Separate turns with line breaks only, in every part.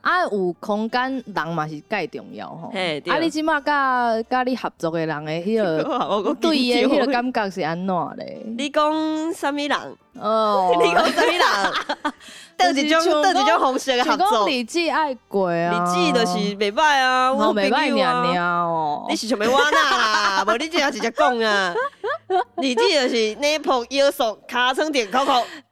啊，有空間人嘛是介重要吼、啊那個，啊，你即碼佮佮你合作嘅人嘅迄個對伊嘅迄個感覺是安怎咧？
你講啥物人？哦，你講啥物人？哈哈哈！叨一種，叨一種方式嘅合作。你既愛過啊，你既著是袂歹啊，我袂歹你啊而已而已、喔、你是想要我呐？無 你即啊直接講啊，你既著是你抱 腰縮，卡床頂口口。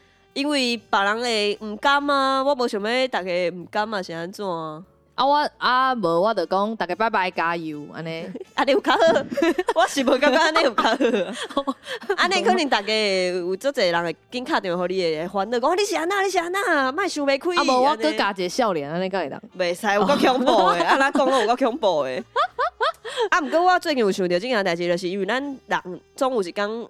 因為別人誒唔甘啊，我無想要大家唔甘嘛是安怎啊？怎啊啊我啊無，我就講大家拜拜，加油安尼。阿、 啊、你有較好， 我是無感覺阿你有較好、啊。阿 你、啊、可能大家有足儕人會緊打電話互你，歡樂講你是安怎，你是安怎，賣想袂開。阿、啊、無我想加一個笑臉，阿你講會當？未使，有夠恐怖誒！阿拉講有夠恐怖誒！ 啊唔過我最近有想着一件代志，就是因為咱人總有一工。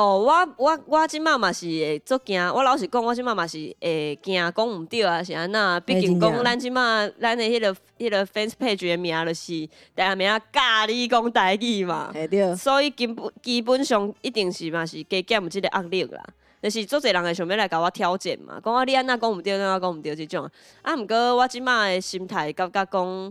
哦，我我我即媽嘛是會作驚，我老實講，我即媽嘛是會驚講唔對抑是安呐。畢竟講咱即媽咱的迄、那個迄、那個 fans page 的名字，就是，大家名教你講代志嘛，欸對，所以基本基本上一定是嘛是加減目這個壓力啦，著、就是足儕人會想要來甲我挑戰嘛，講我你安呐，講唔對安呐，講毋對即種啊，啊唔過我即媽的心態感覺講。